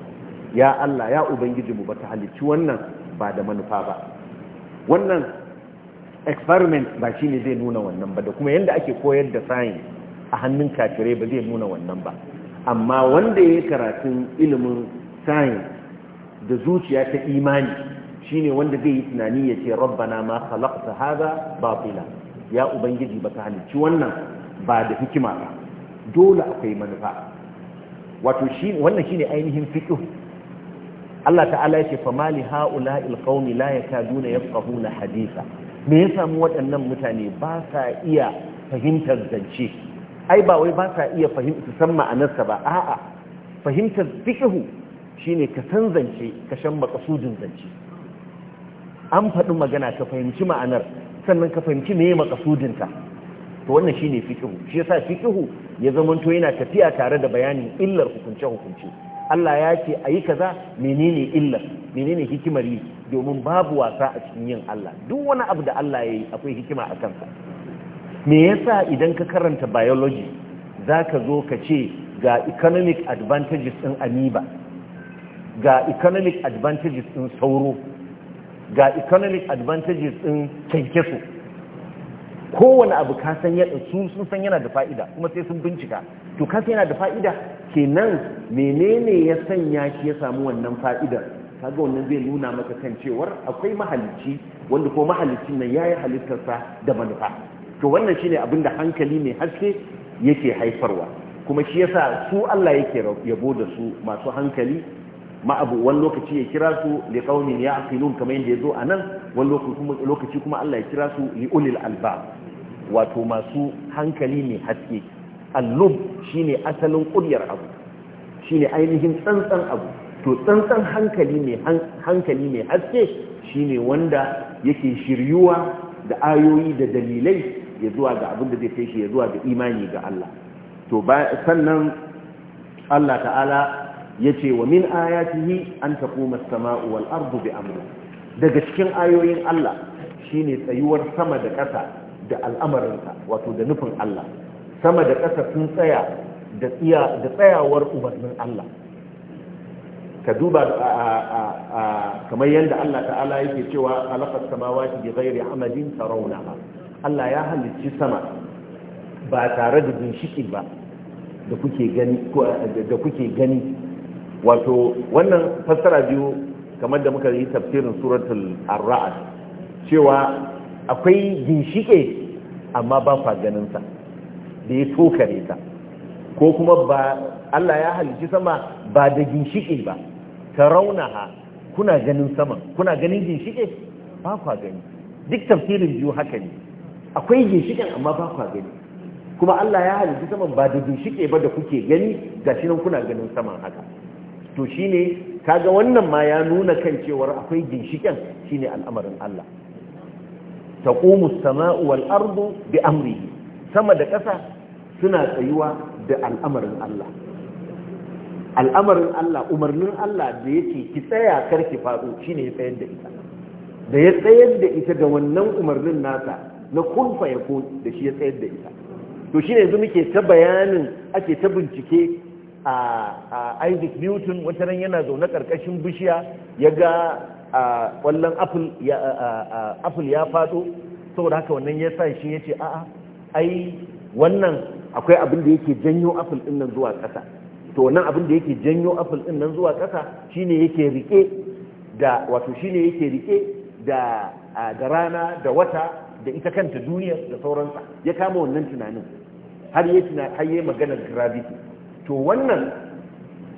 ya Allah ya ubangiji mu baka halicci wannan ba da manufa ba wannan experiment ba shi ne zai nuna wannan ba da kuma yanda ake koyar da science a hannun kafirai ba zai nuna wannan ba amma wanda ya yi karatun ilimin science da zuciya ta imani shine wanda zai yi tunani ya ce rabbana ma khalaqta hadha batila ya ubangiji baka halicci wannan ba da hikima ba dole akwai manufa wato shi wannan shine ainihin fiqh Allah ta'ala yace famali haula'il qaumi la yakaduna yafqahuna haditha me ya samu waɗannan mutane ba sa iya fahimtar zance ai ba wai ba sa iya fahimta san ma'anarsa ba a'a fahimtar fiqh shine ka san zance ka san maqsudin zance an faɗi magana ka fahimci ma'anar sannan ka fahimci me makasudinta to wannan shine fiqhu shi yasa fiqhu ya zamanto yana tafiya tare da bayanin illar hukunce hukunce Allah ya ce ayi kaza menene illar menene hikimar yi domin babu wasa a cikin yin Allah duk wani abu da Allah ya yi akwai hikima a kansa me yasa idan ka karanta biology zaka zo ka ce ga economic advantages din amoeba ga economic advantages din sauro ga economic advantages ɗin kyankyaso kowane abu ka san yadda su sun san yana da fa'ida kuma sai sun bincika to ka san yana da fa'ida kenan menene ya sanya shi ya samu wannan fa'idar kaga wannan zai nuna maka kan cewar akwai mahalicci wanda ko mahalicin nan yayi halittarsa da manufa to wannan shine abin da hankali mai haske yake haifarwa kuma shi yasa su Allah yake yabo da su masu hankali abu wani lokaci ya kira su li qaumin ya'qilun kamar yadda yazo anan wani lokaci kuma Allah ya kira su li ulil albab wato masu hankali ne haske allub shine asalin kuryar abu shine ainihin tsantsan abu to tsantsan hankali ne hankali ne haske shine wanda yake shiryuwa da ayoyi da dalilai ya zuwa ga abin da zai kai shi ya zuwa ga imani ga Allah to sannan Allah ta'ala yace wa min ayatihi an taquma as-sama'u wal ardu bi amri daga cikin ayoyin Allah shine tsayuwar sama da ƙasa da al'amarinsa wato da nufin Allah sama da ƙasa sun tsaya da da tsayawar ubannin Allah ka duba kamar yadda Allah ta'ala yake cewa khalaqa as-samawati bi ghairi amadin tarawnaha Allah ya halicci sama ba tare da ginshiki ba da kuke gani wato wannan fassara biyu kamar da muka yi tafsirin suratul ar-ra'd cewa akwai ginshike amma ba fa ganin sa da ya tokare ta ko kuma ba Allah ya halici sama ba da ginshike ba raunaha kuna ganin saman kuna ganin ginshike ba kwa gani duk tafsirin biyu haka ne akwai ginshike amma ba kwa gani kuma Allah ya halici saman ba da ginshike ba da kuke gani gashi nan kuna ganin saman haka to shi ne kaga wannan ma ya nuna kan cewar akwai ginshiken shine al'amarin Allah Ta as-sama'u wal'ardu ardu amri sama da ƙasa suna tsayuwa da al'amarin Allah al'amarin Allah umarnin Allah da yake ki tsaya karki faɗo ne ya tsayar da ita da ya tsayar da ita ga wannan umarnin nasa na kunfa ya ko da shi ya tsayar da ita to ne yanzu muke ta bayanin ake ta bincike a isaac newton wata ran yana zaune karkashin bishiya ya ga kwallon apple ya faɗo saboda haka wannan ya sa shi ya ce a'a ai wannan akwai abin da yake janyo apple ɗin nan zuwa ƙasa to wannan abin da yake janyo apple ɗin nan zuwa ƙasa shine yake rike da wato shine yake rike da da rana da wata da ita kanta duniya da sauransa ya kama wannan tunanin har yi maganar gravity to wannan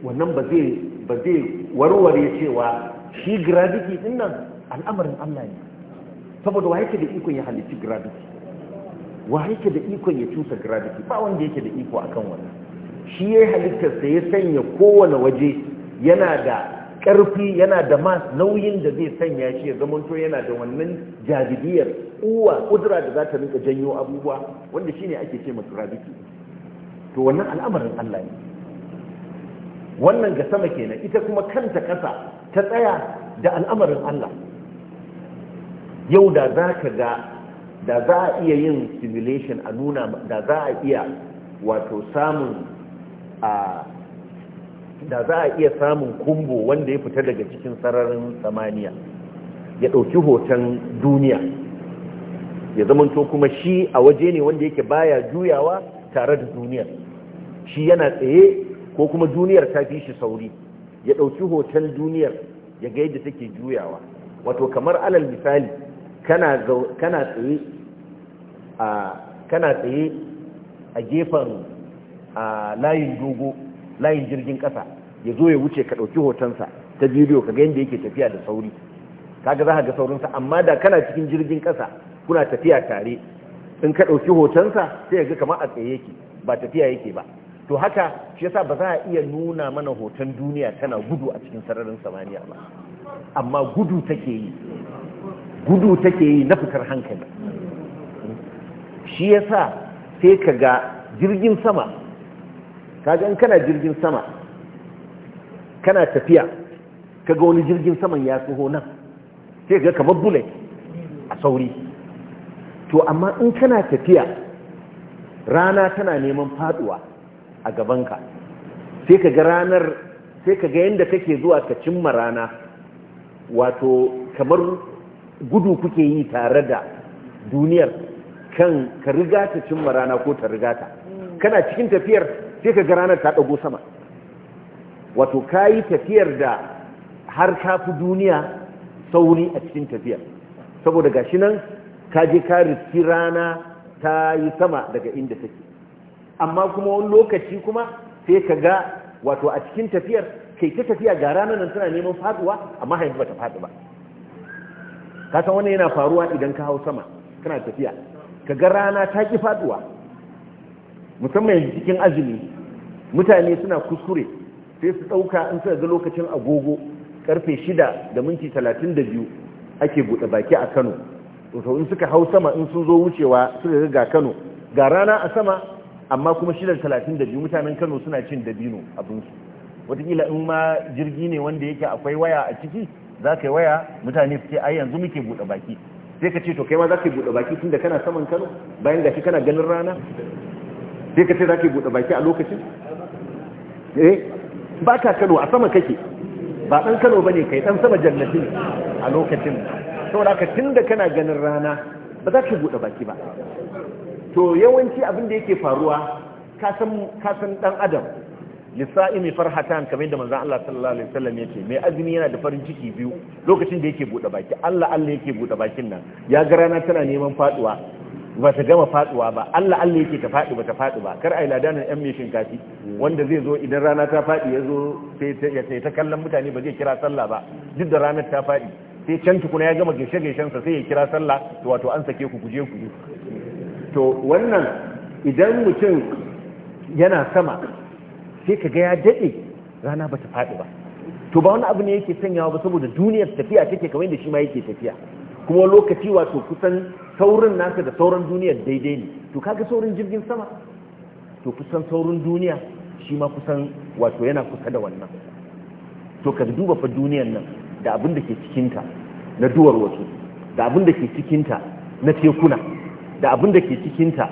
wannan ba zai warware cewa shi gravity din nan al'amarin Allah ne saboda wa yake da ikon ya halitta gravity wa yake da ikon ya cusa gravity ba wanda yake da iko akan wannan shi ya sai ya sanya kowane waje yana da ƙarfi yana da mass nauyin da zai sanya shi ya to yana da wannan jajibiyar uwa kudura da za ta rinka janyo abubuwa wanda shine ake ce masu gravity to wannan al'amarin Allah ne wannan ga sama kenan ita kuma kanta ƙasa ta tsaya da al'amarin Allah yau da za ka ga da za a iya yin simulation a nuna da za a iya wato samun a da za a iya samun kumbo wanda ya fita daga cikin sararin samaniya ya ɗauki hoton duniya ya zamanto kuma shi a waje ne wanda yake baya juyawa tare da duniyar shi yana tsaye ko kuma duniyar ta fi shi sauri ya ɗauki hoton duniyar ya ga yadda take juyawa wato kamar alal misali kana tsaye a tsaye a gefen layin dogo layin jirgin ƙasa ya zo ya wuce ka ɗauki hotonsa ta bidiyo ka ga yadda yake tafiya da sauri kaga za ka ga saurinsa amma da kana cikin jirgin ƙasa kuna tafiya tare in ka ɗauki hotonsa sai ya ga kamar a tsaye yake ba tafiya yake ba to haka shi yasa ba za a iya nuna mana hoton duniya tana gudu a cikin sararin samaniya ba amma gudu take yi gudu take yi na fitar hankali shi yasa sai ka ga jirgin sama kaga in kana jirgin sama kana tafiya ka ga wani jirgin saman ya tsoho nan sai ga kamar bullet a sauri to amma in kana tafiya rana tana neman faduwa a gabanka sai ka ga ranar sai ka ga yadda kake zuwa ka cimma rana wato kamar gudu kuke yi tare da duniyar kan ka riga ta cimma rana ko ta riga ta kana cikin tafiyar sai ka ga ranar ta dago sama wato ka yi tafiyar da har kafi duniya sauri a cikin tafiyar saboda gashi nan ka je ka riski rana ta yi sama daga inda take amma kuma wani lokaci kuma sai ka ga wato a cikin tafiyar kai ta tafiya ga ranar nan tana neman faduwa amma haifu ba ta faɗi ba ka san wannan yana faruwa idan ka hau sama kana tafiya ka ga rana ta ki faduwa musamman yanzu cikin azumi mutane suna kuskure sai su ɗauka in suna ga lokacin agogo karfe shida da minti talatin da biyu ake buɗe baki a kano to in suka hau sama in sun zo wucewa suka ga Kano ga rana a sama amma kuma shidar talatin da biyu mutanen Kano suna cin dabino abinsu wataƙila in ma jirgi ne wanda yake akwai waya a ciki za ka yi waya mutane su ce ai yanzu muke buɗe baki sai ka ce to kai ma za ka yi buɗe baki tun da kana saman Kano bayan gashi kana ganin rana sai ka ce za ka yi buɗe baki a lokacin eh ba ka Kano a sama kake ba ɗan Kano ba ne kai ɗan sama jannati a lokacin saboda ka da kana ganin rana ba za ka buɗe baki ba to yawanci abin da yake faruwa ka san ɗan adam mai farhatan kamar yadda manzan Allah sallallahu alaihi wasallam ce mai azumi yana da farin ciki biyu lokacin da yake buɗe baki Allah Allah yake buɗe bakin nan ya ga rana tana neman faɗuwa ba ta gama faɗuwa ba Allah Allah yake ta faɗi ba ta faɗi ba kar a yi ladanar yan mai shinkafi wanda zai zo idan rana ta faɗi ya zo sai ta kallon mutane ba zai kira sallah ba duk da ranar ta faɗi. sai can tukuna ya gama gaishe gaishensa sai ya kira sallah to wato an sake ku guje ku to wannan idan mutum yana sama sai ka ga ya daɗe rana bata faɗi ba to ba wani abu ne yake sanyawa ba saboda duniyar tafiya take kamar yadda shi ma yake tafiya kuma lokaci wato kusan saurin nasa da sauran duniyar daidai ne to kaga saurin jirgin sama to kusan saurin duniya shi ma kusan wato yana kusa da wannan to ka duba fa duniyar nan da abin da ke cikinta na duwar wasu da abin da ke cikinta na tekuna da abin da ke cikinta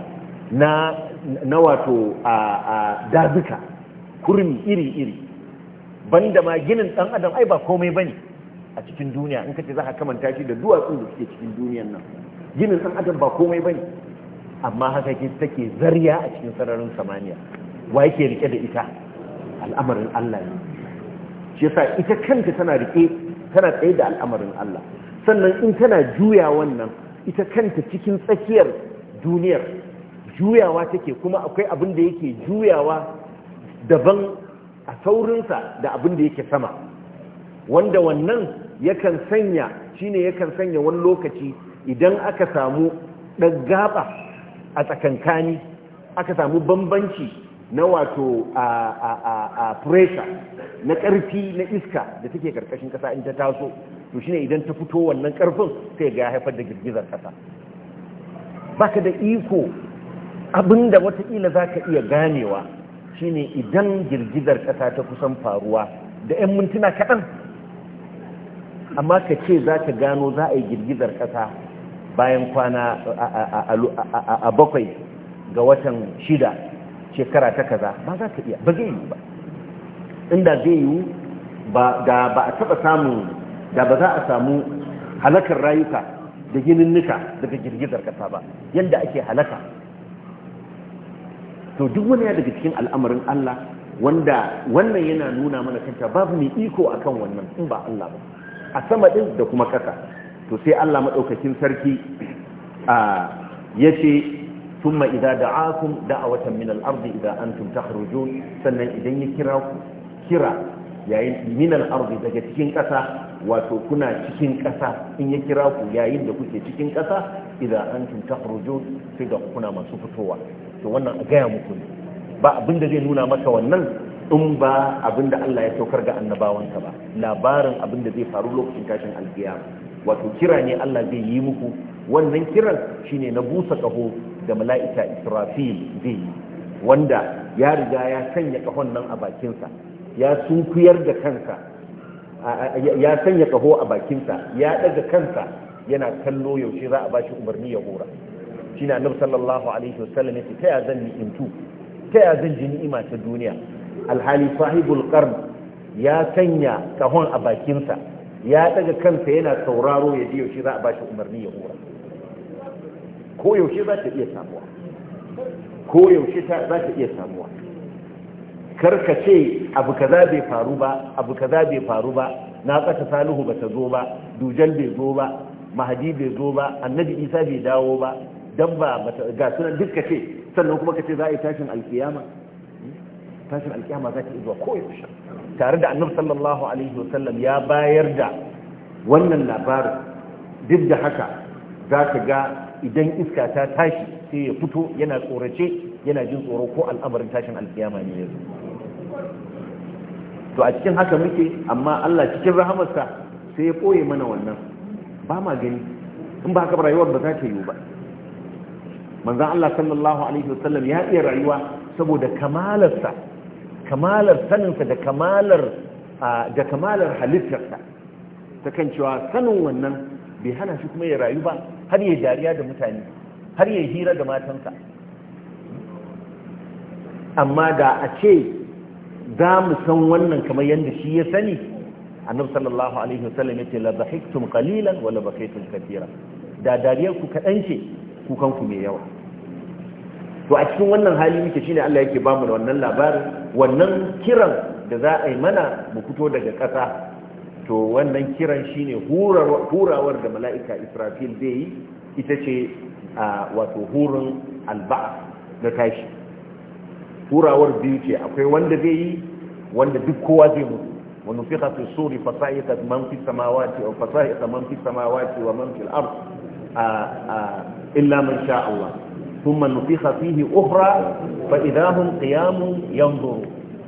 na wato a dazuka kurmi iri-iri banda ma ginin dan adam ai ba komai bane a cikin duniya in kace za ka kamanta shi da duwatsun da suke cikin duniyan nan ginin dan adam ba komai bane amma haka ke take zariya a cikin sararin samaniya wa yake rike da ita al'amarin Allah ne shi yasa ita kanta tana rike tana tsaye da al'amarin Allah sannan in tana juya wannan ita kanta cikin tsakiyar duniyar juyawa take kuma akwai abin da yake juyawa daban a saurinsa da abin da yake sama wanda wannan yakan sanya shine yakan sanya wani lokaci idan aka samu ɗaggaba a tsakankani aka samu bambanci na wato a pressure na ƙarfi na iska da take ƙarƙashin ƙasa in ta taso to shine idan ta fito wannan karfin sai ga ya haifar da girgizar kasa baka da iko abinda watakila zaka iya ganewa shine idan girgizar kasa ta kusan faruwa da 'yan mintuna kaɗan amma ka ce za gano za a yi girgizar kasa bayan kwana a bakwai ga watan shida shekara ta kaza ba za ka iya ba zai yi ba inda zai yi ba a taɓa samun da ba za a samu halakar rayuka da gininnika daga girgizar kasa ba yadda ake halaka to duk wani ya daga cikin al'amarin Allah wanda wannan yana nuna mana kanta babu mai iko akan wannan in ba Allah ba a sama din da kuma kasa to sai Allah maɗaukakin sarki a yace thumma idza da'akum da'awatan min al-ardi idza antum takhrujun sannan idan ya kira ku kira yayin min al daga cikin kasa wato kuna cikin ƙasa in ya kira ku yayin da kuke cikin ƙasa idan an tun takhruju sai ga kuna masu fitowa to wannan a gaya muku ne ba abin da zai nuna maka wannan in ba abin da Allah ya saukar ga annabawanka ba labarin abin da zai faru lokacin tashin alkiya wato kira ne Allah zai yi muku wannan kiran shine na busa kaho da mala'ika Israfil zai yi wanda ya riga ya sanya kahon nan a bakinsa ya sunkuyar da kansa ya sanya kaho a bakinsa ya daga kansa yana kallo yaushe za a bashi umarni ya hura shi na annabi sallallahu alaihi wasallam ya ce ta ya zan ni'imtu ta ya zan ji ni'ima ta duniya alhali sahibul qarn ya sanya kahon a bakinsa ya daga kansa yana sauraro ya ji yaushe za a bashi umarni ya hura ko yaushe za ta iya samuwa ko yaushe za ta iya samuwa karka ce abu kaza bai faru ba abu kaza bai faru ba na tsaka salihu ba ta zo ba dujal bai zo ba mahadi bai zo ba annabi isa bai dawo ba dabba ga sunan duk ka ce sannan kuma ka ce za a yi tashin alkiyama tashin alkiyama za ta zuwa ko yaushe? tare da annabi sallallahu alaihi wasallam ya bayar da wannan labarin duk da haka za ka ga idan iska ta tashi sai ya fito yana tsorace yana jin tsoro ko al'amarin tashin alkiyama ne ya zo to a cikin haka muke amma Allah cikin rahamarsa sai ya ɓoye mana wannan ba ma gani in ba haka rayuwar ba za ta yiwu ba manzan Allah sallallahu alaihi wasallam ya iya rayuwa saboda kamalarsa kamalar saninsa da kamalar da kamalar halittarsa ta kan cewa sanin wannan bai hana shi kuma ya rayu ba har ya dariya da mutane har ya hira da matansa amma da a ce za mu san wannan kamar yadda shi ya sani annabi sallallahu alaihi wasallam yace la dhahiktum qalilan wa la bakaytum katira da dariyar ku kadan ce kukan ku mai yawa to a cikin wannan hali muke shine Allah yake bamu da wannan labarin wannan kiran da za a yi mana mu fito daga ƙasa to wannan kiran shine hurawar da mala'ika Israfil zai yi ita ce wato hurun alba'a na tashi hurawar biyu ce akwai wanda zai yi wanda duk kowa zai mutu wa nufiqa fi suri fasaiqa man fi samawati wa fasaiqa man fi samawati wa man fil A illa man sha Allah thumma nufiqa hafi ukhra fa idahum qiyamun yanzuru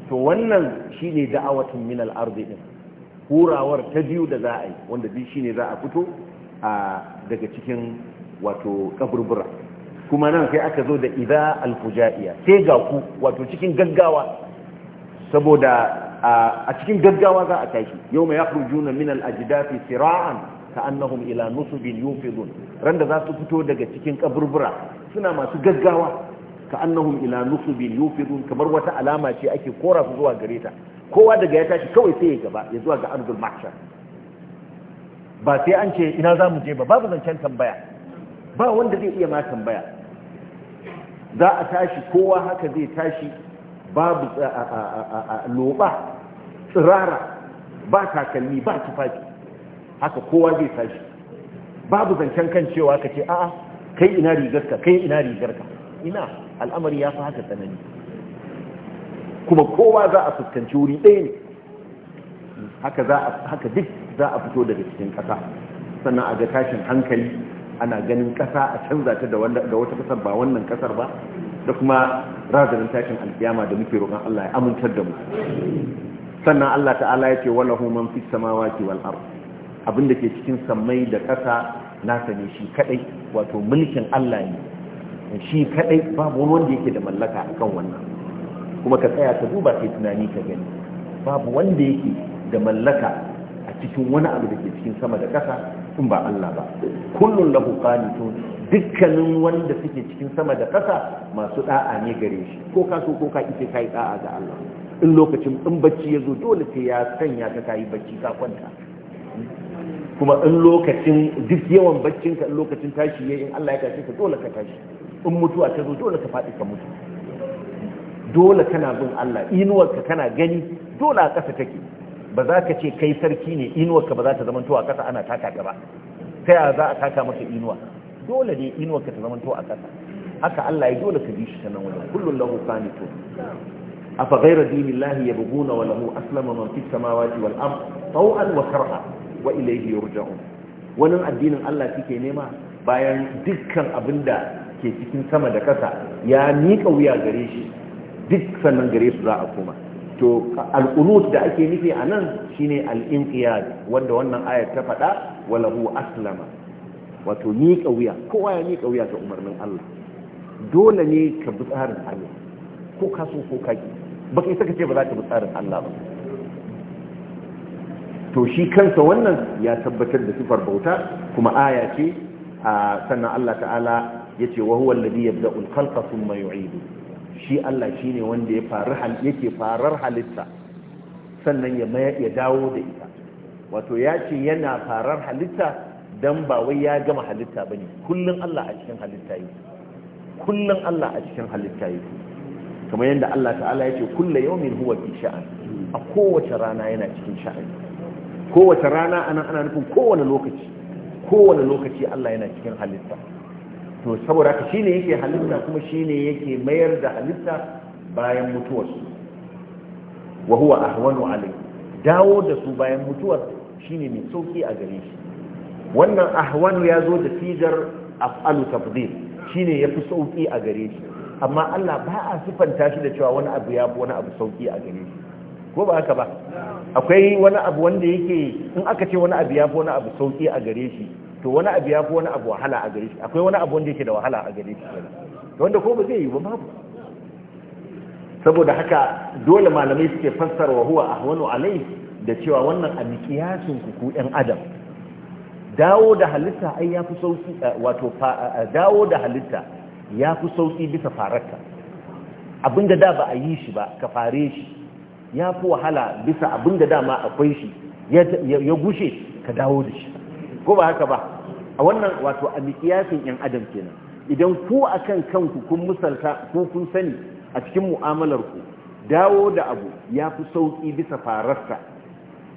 to wannan shine da'awatun min al ard din hurawar ta biyu da za a yi wanda bi shine za a fito daga cikin wato kaburbura kuma nan sai aka zo da iza alfujaiya sai ga ku wato cikin gaggawa saboda a cikin gaggawa za a tashi yawma juna min alajdafi sira'an ka'annahum ila nusubin yunfidun randa za su fito daga cikin kaburbura suna masu gaggawa ka'annahum ila nusubin yunfidun kamar wata alama ce ake kora su zuwa gare ta kowa daga ya tashi kawai sai ya gaba ya zuwa ga ardul mahshar ba sai an ce ina za mu je ba babu zancen tambaya ba wanda zai iya ma tambaya za a tashi kowa haka zai tashi babu loba tsirara ba takalmi ba tufafi haka kowa zai tashi babu zancen kan cewa ka ce a'a kai ina rigarka kai ina rigarka ina al'amari ya fi haka tsanani kuma kowa za a fuskanci wuri ɗaya ne haka duk za a fito daga cikin ƙasa sannan a ga tashin hankali ana ganin kasa a canza ta da wata kasar ba wannan kasar ba da kuma razanin tashin alkiyama da muke roƙon Allah ya amintar da mu sannan Allah ta'ala ya ce wala man fi samawati wal ard abin da ke cikin samai da kasa nasa ne shi kadai wato mulkin Allah ne shi kadai babu wanda yake da mallaka akan wannan kuma ka tsaya ka duba kai tunani ka gani babu wanda yake da mallaka a cikin wani abu da ke cikin sama da kasa in ba Allah ba kullun lahu qanitun dukkanin wanda suke cikin sama da ƙasa masu da'a ne gare shi ko ka so ko ka ita kai da'a ga Allah in lokacin in bacci ya zo dole sai ya sanya ka kai bacci ka kwanta kuma in lokacin duk yawan ka in lokacin tashi yayin Allah ya tashi ka dole ka tashi in mutuwa ta zo dole ka faɗi ka mutu dole kana bin Allah inuwar ka kana gani dole a ƙasa take ba za ka ce kai sarki ne inuwarka ba za ta zamanto a ƙasa ana taka gaba ba ta yaya za a taka maka inuwa dole ne inuwarka ta zamanto a ƙasa haka Allah ya dole ka bi shi sanan wajen kullun lahu qanitu afa ghayra dinillahi yabghuna wa lahu aslama man fis samawati wal ard taw'an wa karha wa ilayhi yurja'un wannan addinin Allah kike nema bayan dukkan abinda ke cikin sama da ƙasa ya miƙa wuya gare shi duk sannan gare su za a koma to al al-qunut da ake nufi anan shine al-inqiyad wanda wannan ayar ta faɗa walahu aslama wato ni kauya kowa ya ni kauya ga umarnin Allah dole ne ka bi tsarin Allah ko ka so ko ka ki ba kai saka ce ba za ka bi tsarin Allah ba to shi kansa wannan ya tabbatar da sifar bauta kuma aya ce sannan Allah ta'ala yace wa huwa alladhi yabda'u al-khalqa thumma yu'idu shi Allah shi ne wanda ya faru yake farar halitta sannan ya ya dawo da ita wato ya ce yana farar halitta don ba wai ya gama halitta bane kullum Allah a cikin halitta yi Kullum Allah a cikin halitta yi kamar yadda Allah ta'ala ya ce yau min huwa fi sha'an a kowace rana yana cikin sha'an kowace rana anan ana nufin kowane lokaci kowane lokaci Allah yana cikin halitta to saboda ka shine yake halitta kuma shine yake mayar da halitta bayan su wa huwa ahwanu alai dawo da su bayan mutuwar shine mai sauki a gare shi wannan ahwanu ya zo da sigar af'alu tafdil shine yafi sauki a gare shi amma Allah ba a sifanta shi da cewa wani abu ya wani abu sauki a gare shi ko ba haka ba akwai wani abu wanda yake in aka ce wani abu ya wani abu sauki a gare shi to wani abu ya fi wani abu wahala a gare shi akwai wani abu wanda yake da wahala a gare shi wanda ko ba zai yi ba babu saboda haka dole malamai suke fassara wa huwa ahwanu alai da cewa wannan a mikiyasin kuku yan adam dawo da halitta ai ya fi sauki eh, wato eh, dawo da halitta ya fi sauki bisa fararka Abin da da ba a yi shi ba ka fare shi ya fi wahala bisa abin da dama akwai shi ya gushe ka dawo da shi ko ba haka ba a wannan wato a miƙiyasin yan adam kenan idan ku kan kanku kun musalta ko kun sani a cikin mu'amalar ku dawo da abu ya fi sauƙi bisa fararsa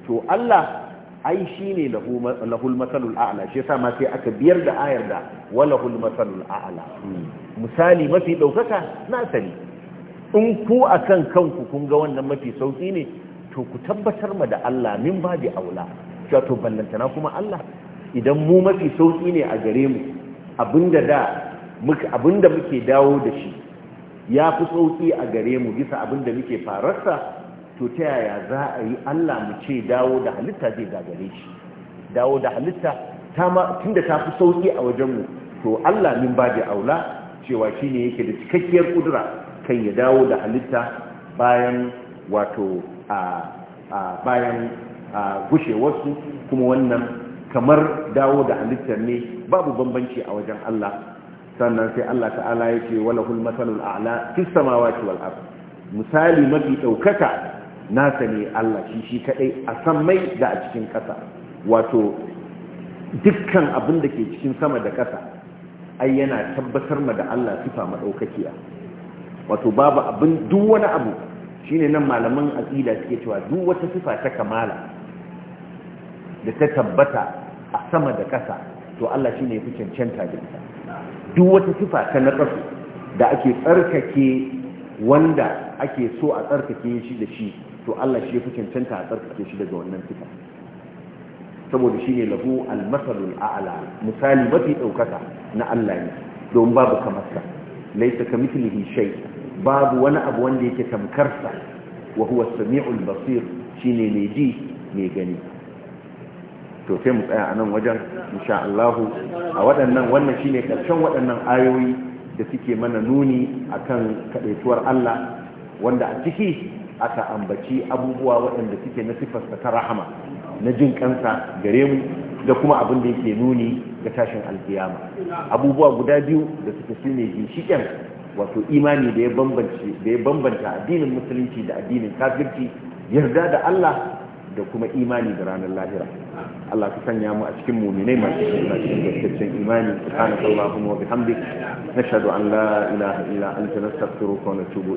to Allah ai shi ne lahul matsalul a'ala shi yasa ma sai aka biyar da ayar da walahul matsalul a'ala misali mafi ɗaukaka na sani in ku a kan kanku kun ga wannan mafi sauƙi ne to ku tabbatar ma da Allah min ba bi aula cewa to ballantana kuma Allah idan mu mafi sauƙi ne a gare mu abinda da muka abinda muke dawo da shi ya fi sauƙi a gare mu bisa abinda muke fararsa to ta yaya za a yi Allah mu ce dawo da halitta zai gagare shi dawo da halitta tunda ta fi sauki a mu, to Allah min ba da aula cewa shi ne yake da cikakkiyar kudura kan ya dawo da halitta bayan wato a bayan gushewarsu kuma wannan kamar dawo da halittar ne babu bambanci a wajen Allah sannan sai Allah ta'ala ya ce wala hul a'la fis samawati wal ard misali mafi daukaka nasa ne Allah shi shi kadai a san mai da a cikin kasa wato dukkan abin da ke cikin sama da kasa ai yana tabbatar ma da Allah sifa madaukakiya wato babu abin duk wani abu shine nan malaman aqida suke cewa duk wata sifa ta kamala da ta tabbata a sama da ƙasa to Allah shi ne ya fi cancanta da ita duk wata sifa ta naƙasu da ake tsarkake wanda ake so a tsarkake shi da shi to Allah shi ya fi cancanta a tsarkake shi daga wannan sifa saboda shi ne lahu almasalul a'ala misali mafi ɗaukaka na Allah ne don babu kamarsa laisa ka mitlihi shai babu wani abu wanda yake tamkarsa wa huwa samiul basir shine mai ji mai gani to sai mu tsaya a nan wajen insha Allah a waɗannan wannan shine karshen waɗannan ayoyi da suke mana nuni akan kadaituwar Allah wanda a ciki aka ambaci abubuwa waɗanda suke na sifarsa ta rahama na jin kansa gare mu da kuma abin da yake nuni ga tashin alkiyama abubuwa guda biyu da suke su ne ginshiƙen wato imani da ya bambanta addinin musulunci da addinin kafirci yarda da Allah da kuma imani da ranar lahira Allah ka sanya mu a cikin muminai masu suna cikin gaskacin imani subhana allah wa bihamdik nashhadu an la ilaha illa anta nastaghfiruka wa natubu